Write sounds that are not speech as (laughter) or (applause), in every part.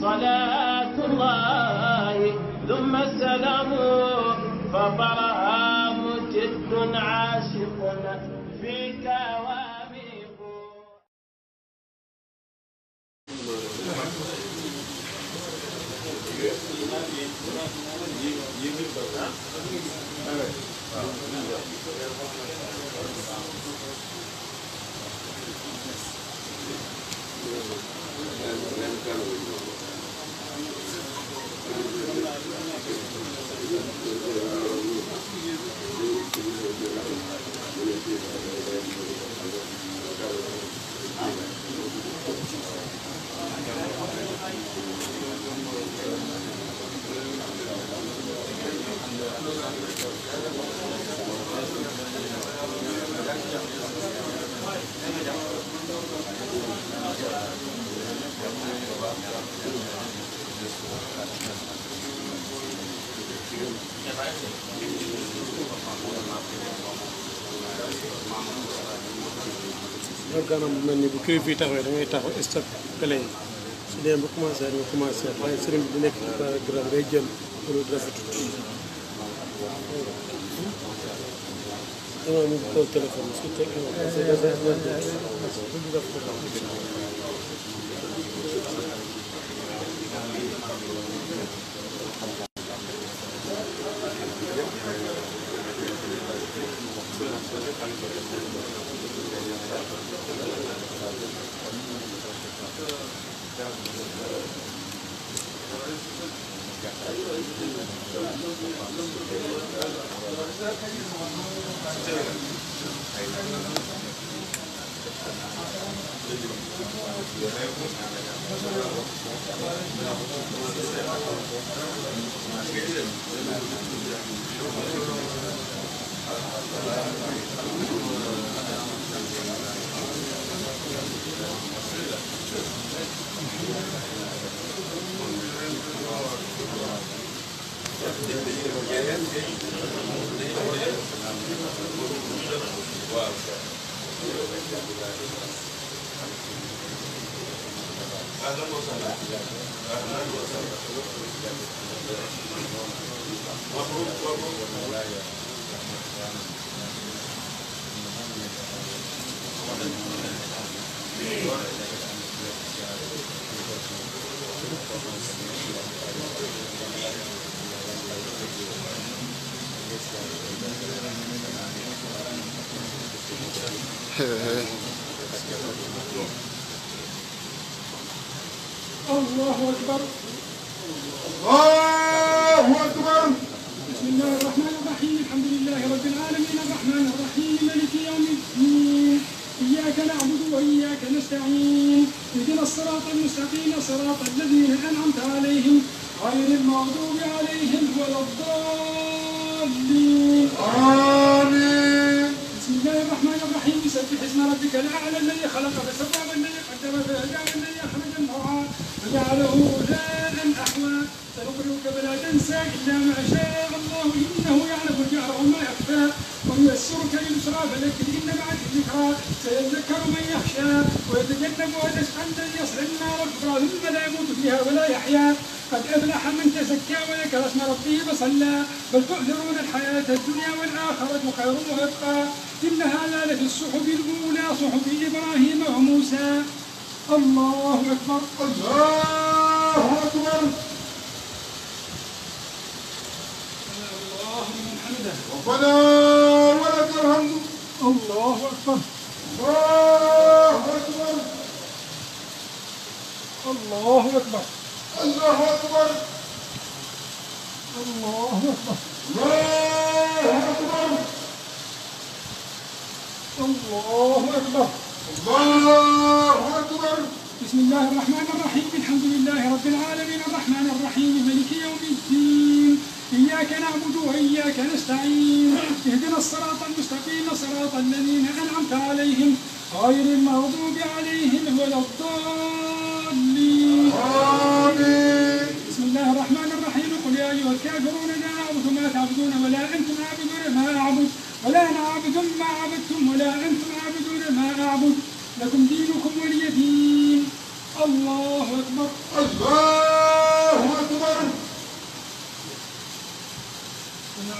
صلاة الله ثم السلام Gracias. organam bu mel ni bu kilifa yi taxawee da ngay taxaw stop pele yi su dee ba commencé nga commencé waaye sëriñ bi bu nekk programme ngay jël pour rafetut dama ñu Wow. He (laughs) الله أكبر الله أكبر بسم الله الرحمن الرحيم الحمد لله رب العالمين الرحمن الرحيم مالك يوم الدين إياك نعبد وإياك نستعين اهدنا الصراط المستقيم صراط الذين أنعمت عليهم غير المغضوب عليهم ولا الضالين آمين بسم الله الرحمن الرحيم سبح اسم ربك الأعلى الذي خلق فسوى والذي قدر فهدى والذي أخرج المرعى وجعله وجاها أحوى سنقرئك فلا تنسى إلا ما شاء الله إنه يعلم الجهر وما يخفى ونيسرك لليسرى فذكر إن مع الذكرى سيذكر من يخشى ويتجنبها الأشقى الذي يصلى النار الكبرى ثم لا يموت فيها ولا يحيا قد أفلح من تزكى وذكر اسم ربه فصلى بل تؤثرون الحياة الدنيا والآخرة خير وأبقى إن هذا لفي الصحف الأولى صحف إبراهيم وموسى الله أكبر الله أكبر الله من حمده ربنا ولك الحمد الله أكبر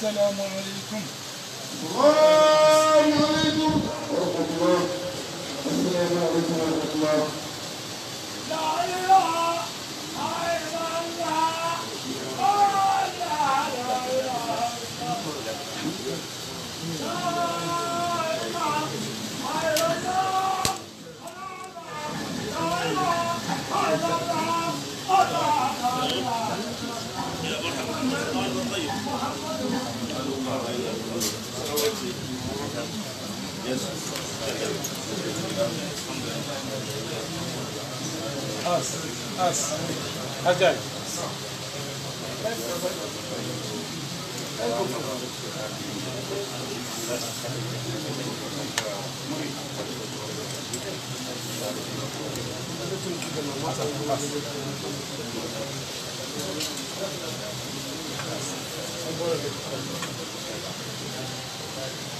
assalaamu aleykum waaleykum wa rahmatullah As, as, Ajay. Thank you.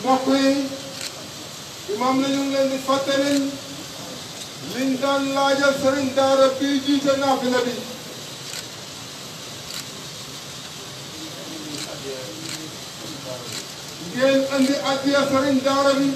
mbokk yi imam nañu ngi leen di fàttalin liñ daan laajal sëriñ daara bi ngeen andi addiya bi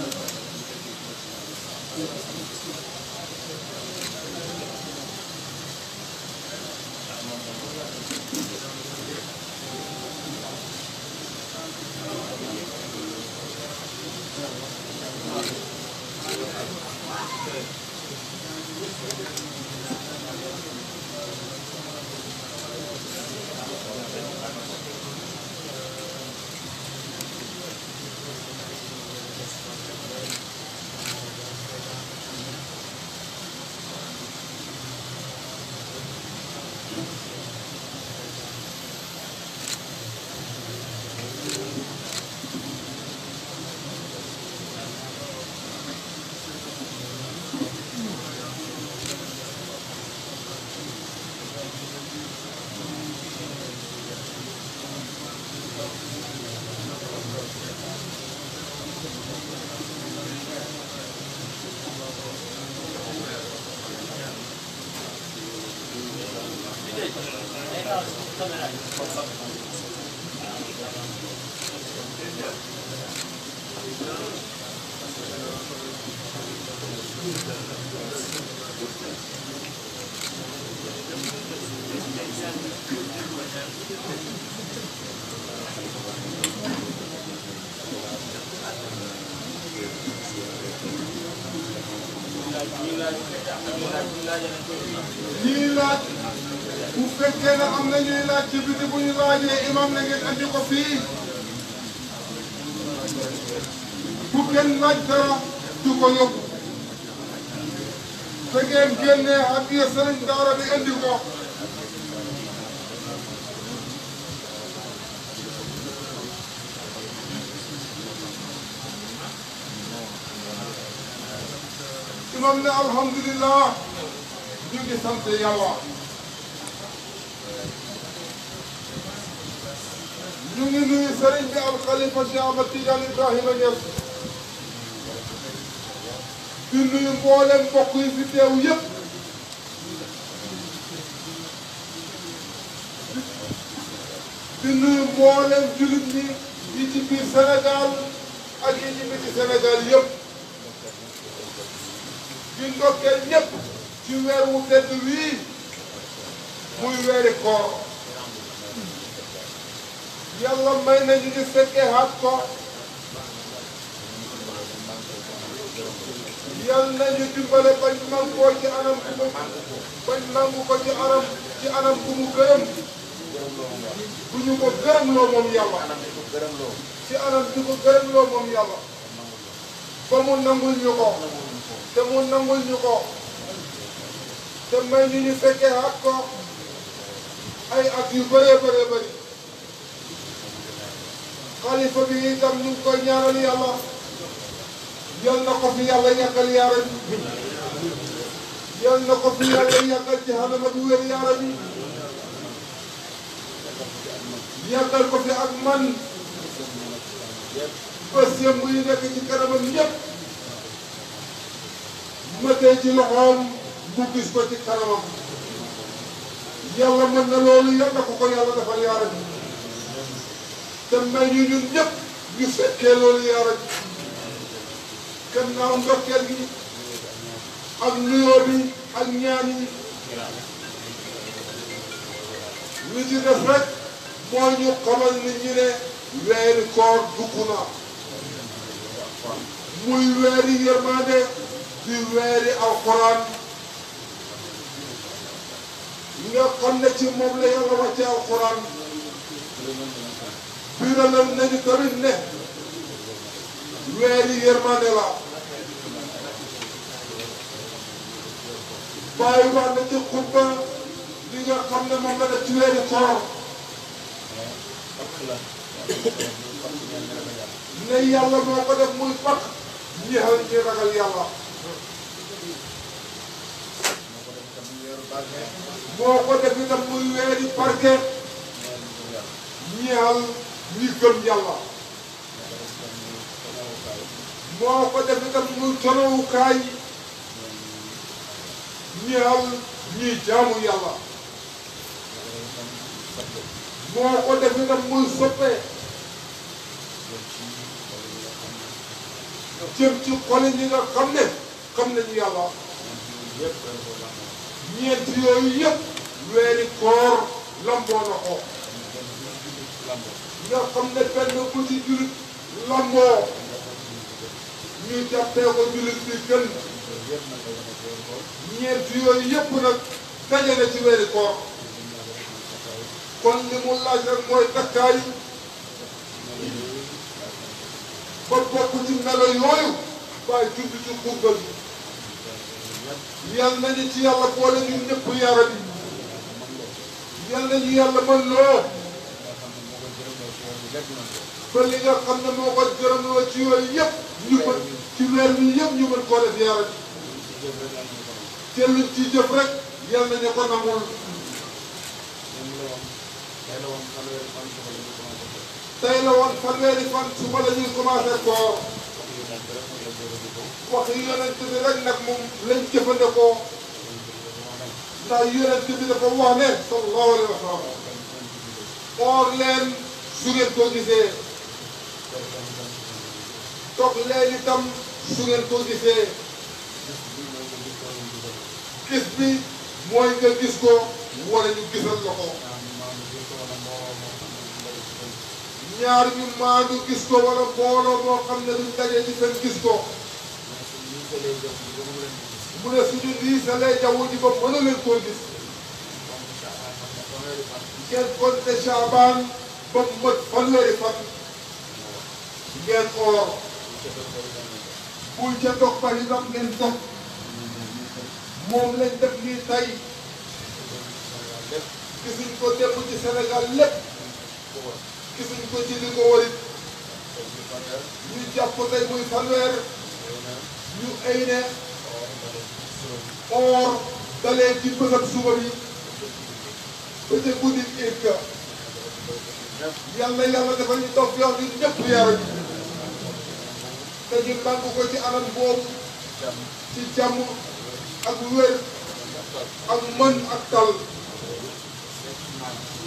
ku kenn laaj dara du ko yóbbu te ngeen génnee addiya sëriñ daara bi indi ko imam ne alhamdulillah ñu ngi yàlla ñu ngi nuyu sëriñ bi al xalifa Cheikh Ahmad Tidiane Ibrahima Niass di nuyu mboolem mbokk yi fi teew yëpp di nuyu mboolem jullit ñi yi ci biir Sénégal ak yi ci biti Sénégal ci weer wu tedd wii muy weeri koor yàlla may nañu ñu fekkee xaat ko yàlla nañu dimbale bañ nangu ko ci anam bu mu bañ ko ay at yu bëree bëree bëri xalifa bi itam ñu ngi koy ñaanal yàlla yal ko fi yàlla yàggal yaara bi yal ko fi yàlla yàggal ci xanama bu wér yaara bi yàggal ko fi ak man bés yëmb yi nekk ci kanamam ñëpp ma tey ci loxoom mu ko ci kanamam yàlla mën na loolu yal ko ko yàlla defal yaara te may ñu ñun ñu fekkee loolu yaa rek gannaaw ndokkeel gi ak nuyoo ak ñaan yi li def rek mooy ñu xamal ni ñu ne weeri koor dugg na muy weeri yërmande di weeri alxuraan nga xam ci moom la yàlla wàcce alxuraan biiralal nañu tamit ne weer yi yërmande la bàyyi waat na ci xutba li nga xam ne moom la def ci weeri koor ne yàlla moo ko def muy fakk ñeexal ñi ragal yàlla moo ko def itam muy weeri barke ñeexal ñi gëm yàlla moo ko def itam muy tolowukaay ñeel ñuy jaamu yàlla moo ko def itam muy soppe jëm ci xole ñi nga xam ne xam nañu yàlla ñeent yooyu yëpp weeri koor lamboo na ko nga xam ne benn bu ci jullit lamboo ñu jàppee ko jullit bi gën ñeent yooyu yëpp nag daje ci weeri koor kon li mu laaj mooy takkaay ba bokk ci melo yooyu waaye jublu ci xumbal yal nañu ci yàlla boole ñu ñëpp yaram yi yal nañu yàlla mën loo kon xam ne moo ko jëramloo ci yooyu yëpp ñu mën ci weer bi yëpp ñu mën koo def yaara bi te luñ ci jëf rek yal nañu ko nangul tey la woon fanweeri fan suba la ñuy commencé wax yu yonent bi rek nag moom lañ jëfandikoo ndax yonent bi dafa wax ne sallallahu alayhi wa sallam or su ngeen ko gisee toog leen itam su ngeen ko gisee gis bi mooy nga gis ko wala ñu gisal la ko ñaar ñu maandu gis ko wala mbooloo moo xam ne duñ dajee ci seen gis ko mu ne suñu lii sa lay jaww ji ba mën a leen koo gis ngeen konte ba mu mot fanweeri fan ngeen oor bul ca dog ba li ngeen dog moom lañ def lii tey gisuñ ko démb ci Sénégal lépp gisuñ ko ci li ko warit ñu jàpp tey muy fanweer ñu ay ne oor dalee ci bësëb suba bi ba ca guddi irka yàlla yàlla dafa ñu toog yoon yi ñëpp yaru ji te ñu nangu ko ci anam boobu ci jàmm ak wér ak mën ak tal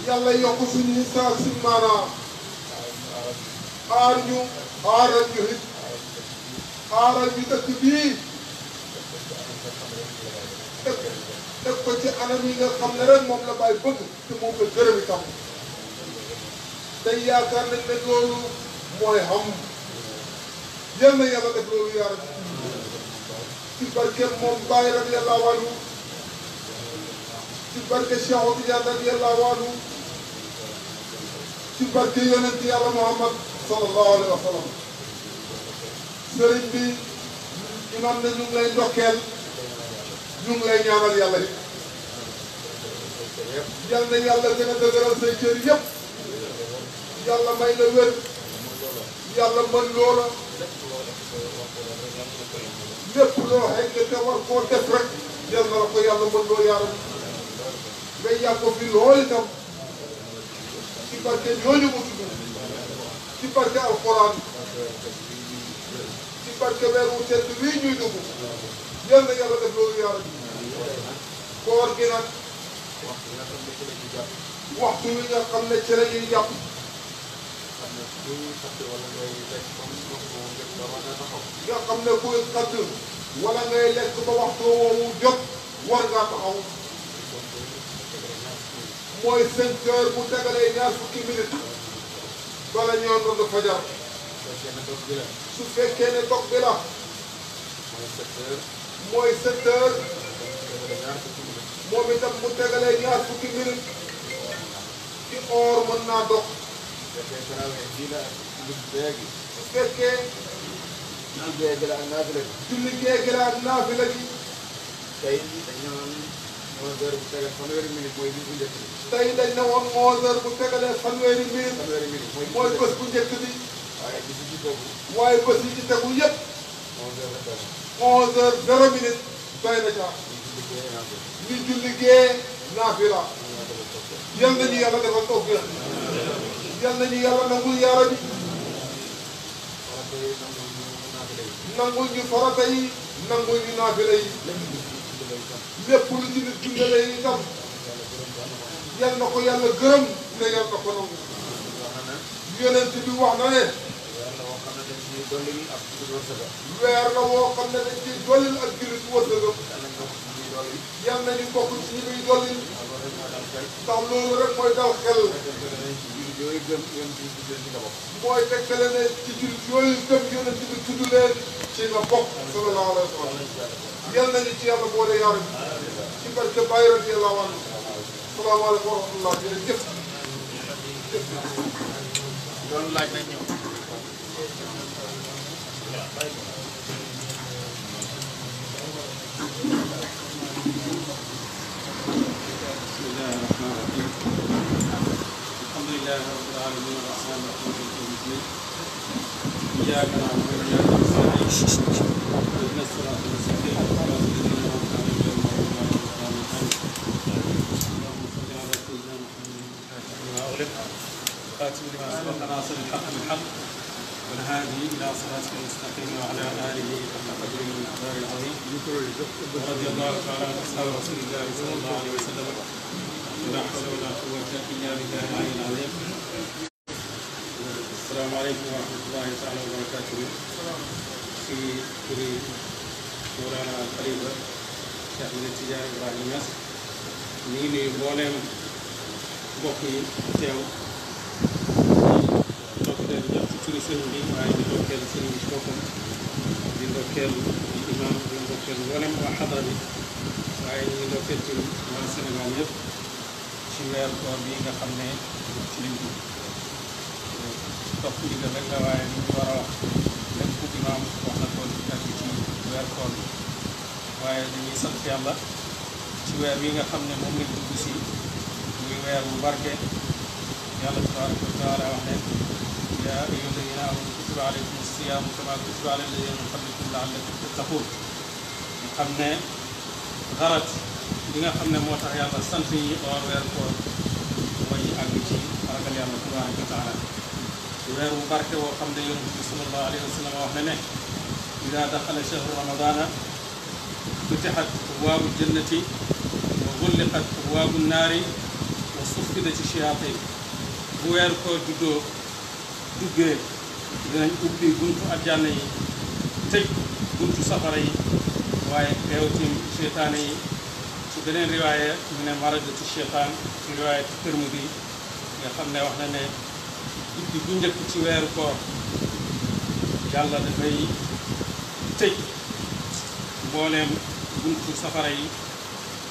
yàlla yokk suñu saa suñu maanaam aar ñu aaral ñu it aaral ñu dëkk bii dëkk dëkk ko ci anam yi nga xam ne rek moom la bàyyi bëgg te moom la gërëm itam tey yaakaar nañ ne mooy xam yal na yàlla def loolu yaa rabbi ci barke moom Baye radiyallahu anhu ci barke Cheikh Tidiane radiyallahu anhu ci barke yonent Muhammad sallallahu alayhi wa sallam sëriñ bi imam ne ñu ngi lay ndokkeel ñu ngi lay ñaanal yàlla it yàlla may la wér yàlla mën loola lépp loo xëy war koo def rek yal na la ko yàlla mën loo yaaram nga yàgg ko fi lool itam ci barke ñooñu mu tudd ci barke alxuraan ci barke weer wu tedd wii ñuy dugg yal na yàlla def loolu yaaram koor gi bu ñuy xatt wala ngay lekk comme ndox jot war nga taxaw. nga xam ne kuy xatt wala ngay lekk ba waxtu woowu mooy cinq heures bu tegalee ñaar fukki minute. bala ñoo doon fajar. su fekkee ne dog bi la. su fekkee ne mooy sept heures. mooy sept heures. moom itam bu tegalee naa dox. يكون يجينا للباقي كيف الباقي لا النافلة كل الباقي لا النافلة tey dañu naan onze heures bu tegal fanweeri minute mooy bis bu njëkk bi. tey dañ ne woon onze heures bu tegalee fanweeri minute. fanweeri minute mooy bés bu njëkk bi. waaye bis yi ci tegu. waaye bés yi ci tegu yëpp. onze heures zéro. onze heures zéro minute. doy na ca. ñu julli gee naafila. yal na ñu yàlla defal toog yal nañu yàlla nangul yaara bi. nangul ñu farata yi nangul ñu naafila yi. lépp lu ci nit dundalee yi itam. yal na ko yàlla gërëm ne yal na ko nangu. yonent bi wax na ne. weer la woo xam ne dañ ciy dollil ak jullit wërsëgam. yal nañu bokk ci ñi muy dollil. ndax loolu rek mooy dal xel. yooyu gëm yonent bi tudd leen ci nga bokk. mooy tegtale ne ci jur yooyu gëm yonent bi tudd leen ci nga bokk. sallallahu alayhi wa sallam yal nañu ci yàlla boole yar bi ci barke Baay radiyallahu anhu. salaamaaleykum wa rahmatullah jërëjëf. doon laaj nañ ñëw. بسم الله الرحمن الرحيم لله رب العالمين الرحمن الرحيم مالك يوم الدين إياك نعبد وإياك نستعين اهدنا الصراط المستقيم صراط الذين أنعمت عليهم غير المغضوب عليهم اللهم صل على سيدنا محمد الفاتح لما أغلق خاتم لما سبق ناصر الحق بالحق والهادي إلى صراطك المستقيم وعلى آله حق قدره والمقدار العظيم رضي الله تعالى عن أصحاب رسول الله صلى الله عليه وسلم la hawla wala quwwata illa billahi al-ali al-azim assalamu alaykum wa rahmatullahi ta'ala wa barakatuh ci turi Mawlana Khalifa Cheikh Ahmed Tidiane Ibrahima Niass ñu ngi nuyu mbooleem mbokk yi teew ndokkeel jàpp ci turi sëriñ bi waaye di ndokkeel sëriñ bi ci boppam di ndokkeel imaam di ndokkeel mbooleem waa xadra bi waaye ñu ngi ndokkeel ci waa Sénégal yëpp ci weeru koor bi nga xam ne ci liñ dugg topp ndigal rek la waaye li ñu war a wax lépp imaam wax na ko ak ci weeru koor bi waaye dañuy ci weer wi nga xam ne moom lañ dugg weer bu barke yàlla tabaraka wa taala wax ne yaa ayyuha alladina amanu kutiba alaykum asiyaamu kama kutiba ala alladina min bi nga xam ne moo tax yàlla sant yi or weer koor mooy àgg ci ragal yàlla tabaaraka wa taala weer bu barke woo xam ne yonent bi sallallahu alayhi wa sallam wax ne ne ida daxala chahru ramadana futixat abwaabu jannati wa gulliqat abwaabu naari wa suffidat shayaatin bu weer koor juddoo duggee dinañ ubbi buntu àjjana yi tëj buntu safara yi waaye teew tim seytaane yi beneen riwaaya mu ne maradatu cheytaan ci riwaayatu Tirmidi nga xam ne wax na ne guddi bu njëkk ci weeru koor yàlla dafay tëj mbooleem buntu safara yi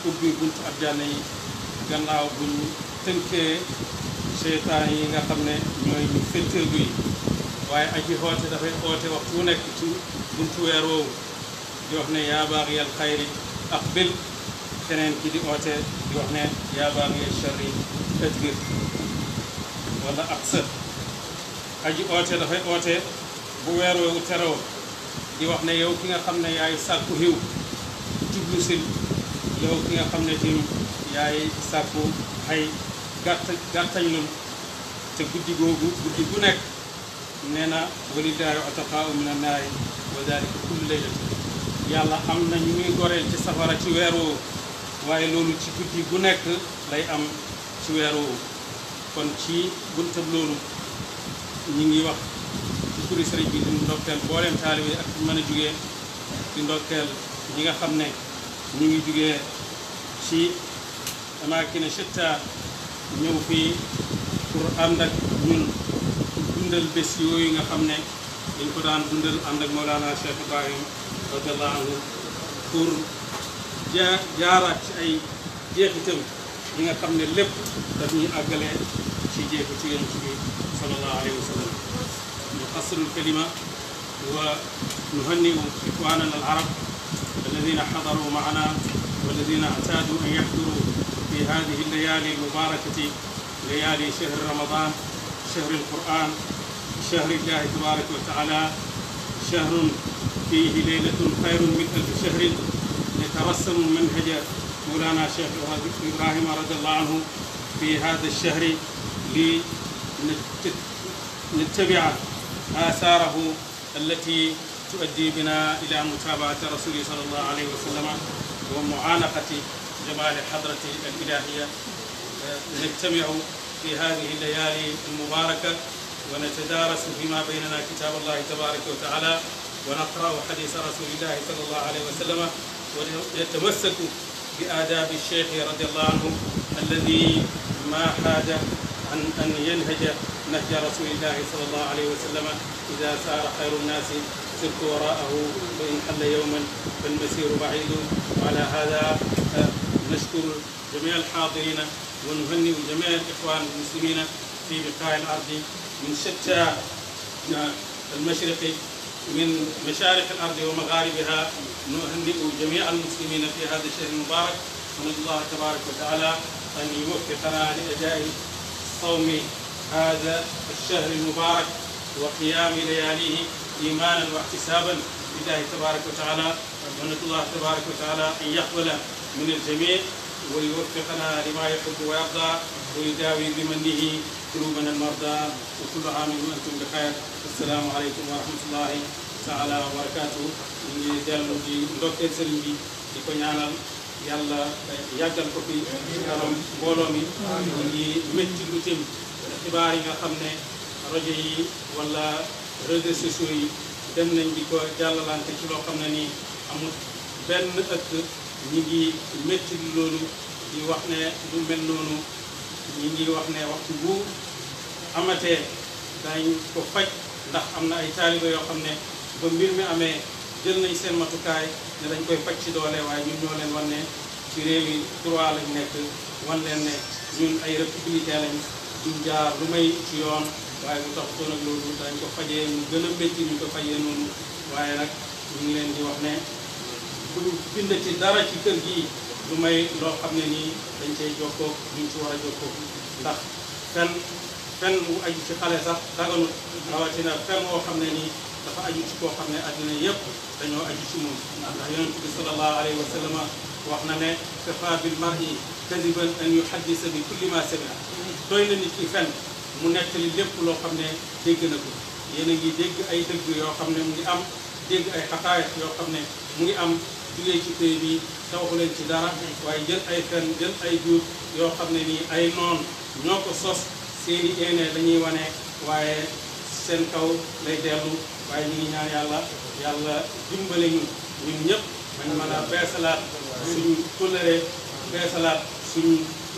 ubbi buntu àjjana yi gannaaw bu ñu tënkee cheytaan yi nga xam ne ñooy ñu yi waaye aji xoote dafay oote waxtu wu nekk ci buntu weer woowu di wax ne yaa yal xayri aqbil keneen ki di oote di wax ne yaa baa ngi sharri adbir wala aqsar aji oote dafay oote bu weer woowu teroo di wax ne yow ki nga xam ne yaay sàkku xiw jublu sil yow ki nga xam ne tim yaay sàkku xay gàtt gàttañ lul te guddi googu guddi gu nekk nee na walillaahi ataqaau min annaari wa dalika kullu laylati yàlla am na ñu muy goreel ci safara ci weer waaye loolu ci guddi bu nekk lay am ci weer kon ci buntab loolu ñu ngi wax ci turi sëriñ bi di ndokkeel mbooleem taalibe ak mën a jugee di ndokkeel ñi nga xam ne ñu ngi jugee ci amaakina shitta ñëw fii pour ànd ak ñun dundal bés yooyu nga xam ne dañ ko daan dundal ànd ak Mawlana Cheikh Ibrahim radiallahu anhu pour jaar jaaraat ci ay jeexitam yi nga xam ne lépp dañuy àggalee ci jeexu ci yonent bi sallallahu alayhi wa sallam ñu xassirul kalima wa nuhanniu ikwanana al arab alladina xadaru maana walladina ataadu an yaxduru fi hadihi layali almubarakati layali shahri ramadan shahri alquran shahri illahi tabaraka wa taala shahrun fihi leylatun xayrun min alfi shahrin يترسم منهج مولانا الشيخ إبراهيم رضي الله عنه في هذا الشهر لنتبع آثاره التي تؤدي بنا إلى متابعة رسوله صلى الله عليه وسلم ومعانقة جمال الحضرة الإلهية نجتمع في هذه الليالي المباركة ونتدارس فيما بيننا كتاب الله تبارك وتعالى ونقرأ حديث رسول الله صلى الله عليه وسلم وليتمسكوا بآداب الشيخ رضي الله عنه الذي ما حاد عن أن ينهج نهج رسول الله صلى الله عليه وسلم إذا سار خير الناس سرت وراءه وإن حل يوما فالمسير بعيد وعلى هذا نشكر جميع الحاضرين ونهنئ جميع الإخوان المسلمين في بقاع الأرض من شتى المشرق من مشارق الأرض ومغاربها نهنئ جميع المسلمين في هذا الشهر المبارك ونسأل الله تبارك وتعالى أن يوفقنا لأداء صوم هذا الشهر المبارك وقيام لياليه إيمانا واحتسابا لله تبارك وتعالى ونسأل الله تبارك وتعالى أن يقبل من الجميع ويوفقنا لما يحب ويرضى ويداوي بمنه قلوبنا المرضى وكل عام وانتم بخير السلام عليكم ورحمه الله taala wa barakaatu ñu ngi dellu di ndokkeel sëriñ bi di ko ñaanal yàlla yàggal ko fi kanam mbooloo mi ñu ngi métti lu tim xibaar yi nga xam ne rajo yi wala réseaux sociaux yi dem nañ di ko jàllalante ci loo xam ne nii amul benn ëkk ñu ngi métti loolu di wax ne lu mel noonu ñi ngi wax ne waxtu bu amatee dañ ko faj ndax am na ay taaliba yoo xam ne ba mbir mi amee jël nañ seen matukaay ne dañ koy faj ci doole waaye ñun ñoo leen wan ne ci réew yi droit lañ nekk wan leen ne ñun ay républicain lañ duñ jaar may ci yoon waaye lu tax toon ak loolu dañ ko fajee ñu gën a métti ñu ko fajee noonu waaye nag ñu leen di wax ne bu bind ci dara ci kër gi lu may loo xam ne nii dañ cey jokkoo luñ ci war a jokkoo ndax fen fen wu aju ci xale sax daganut rawatina fen woo xam ne nii dafa aju ci koo xam ne addina yëpp dañoo aju ci moom ndax yonent bi sallallahu alayhi wa wax na ne kafa bil mar'i kadiban an yuhaddisa bi kulli ma samia doy na nit ki fen mu nekk nettali lépp loo xam ne dégg na ko yéen ngi dégg ay dëgg yoo xam ne mu ngi am dégg ay xaqaayat yoo xam ne mu ngi am jugee ci pays bi tawaxu leen ci dara waaye jël ay fen jël ay duut yoo xam ne nii ay noon ñoo ko sos seeni eene la ñuy wane waaye seen kaw lay dellu waaye ñu ngi ñaan yàlla yàlla dimbale ñu ñun ñëpp man mën a beesalaat suñu kóllëre beesalaat suñu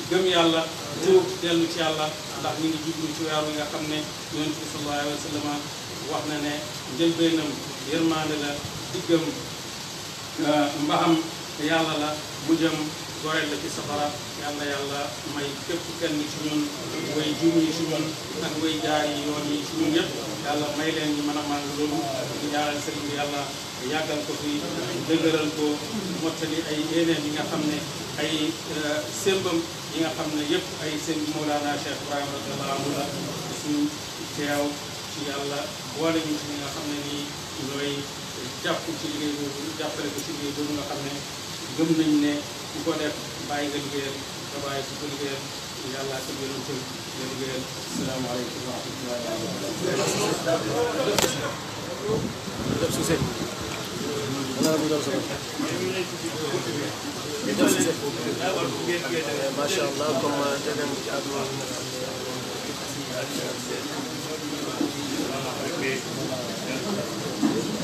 gëm yàlla tuub dellu ci yàlla ndax ñu ngi jublu ci weer wi nga xam ne yonent bi sallallahu alayhi wax na ne njëlbeenam yërmaande la diggam ah, mbaxam te yàlla la mu jëm la ci safara yal yàlla may képp kenn ci ñun way juum yi ci way jaar yi yoon yëpp yàlla may leen ñu mën a màng loolu di ñaanal sëriñ bi yàlla yàggal fi dëgëral ko ay yeneen yi nga xam ne ay euh, sembam yi nga xam ne yëpp ay sëmbi Mawlana Cheikh Ibrahima ci yàlla boole ci ñi xam ne nii ñooy jàpp ci liggéey boobu jàppale ko ci liggéey boobu nga xam ne gëm nañ ne ku ko def bàyyi nga liggéeyal nga bàyyi ku ko liggéeyal yàlla ak yonent bi nga liggéeyal salaamaaleykum wa rahmatulah. macha allah comme dégg ci àdduna bi nga xam ne na ko na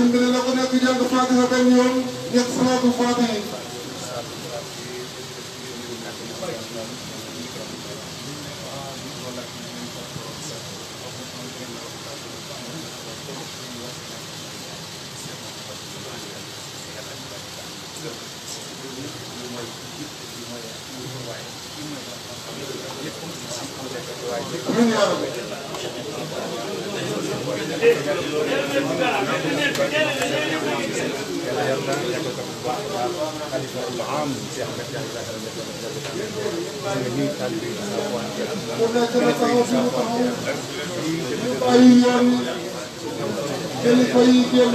bi ne na ko nekk jàng Faatiha benn yoon يكسر بفاضل ñuy tàmbali sa frontière ay kilifa yi génn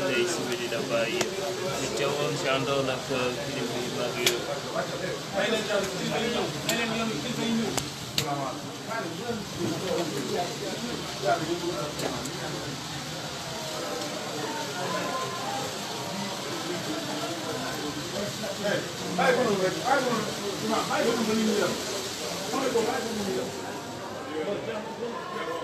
da Baye ñu teewoon si àndoon ak kilifa yu mag yooyu. Thank you.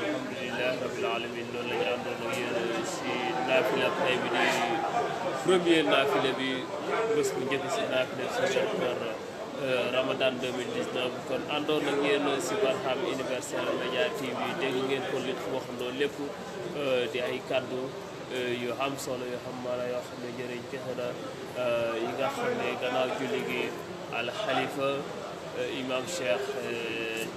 alhamdulilah rabil alamin loolu la ñu àndoon naafila tey bi di premier naafila bi bés bu njëkk si naafila si Ramadan kon àndoon ak yéen si Barham Universel TV dégg ngeen ko li waxandoo lépp di ay kàddu yu am solo yu xam maanaam yoo xam ne jëriñ fexe yi nga xam ne gannaaw julli gi al imam cheikh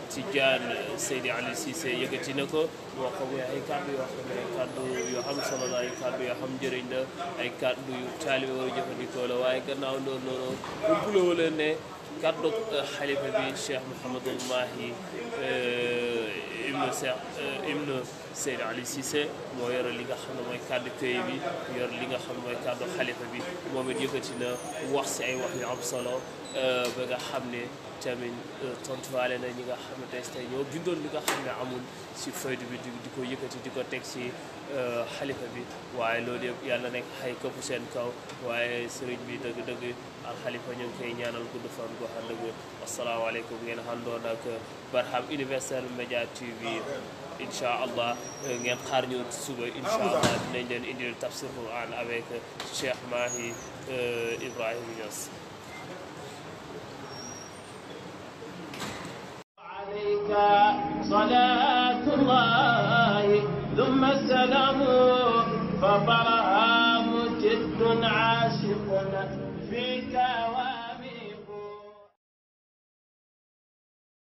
Tidiane Seydi Ali Cissé yëkkati na ko wax ko muy ay kàddu yoo xam ne ay kàddu yoo xam solo la ay kàddu yoo xam njëriñ la ay kàddu yu taalibe war a jëfandikoo la waaye gannaaw loolu noonu bu buloo leen ne kàddu xalifa bi Cheikh Mouhamadul Mahi eh, ibnu Cheikh eh, ibnu Seydi Ali Cissé moo yor li nga xam ne mooy kàddu këy bi yor li nga xam ne mooy kàddu xalifa bi moom it yëkkati na wax si ay wax yu am solo ba nga xam ne tamit euh, tontuwaale na ñi nga xam ne tey ñoo bindoon li nga xam ne amul si faydu bi di ko yëkkati di ko teg si euh, xalifa bi waaye loolu yëpp yàlla nekk xay këpp seen kaw waaye sëriñ bi dëgg-dëgg al xalifa ñu ngi koy ñaanal gudd fan goo xam ne asalaamaaleykum ngeen àndoon ak Barham Universel Media TV incha allah ngeen xaar ñu suba incha allah dinañ leen indil tafsir Quran avec Cheikh Mahi euh, Ibrahim Niass الوفاء صلاة الله ثم السلام فطرها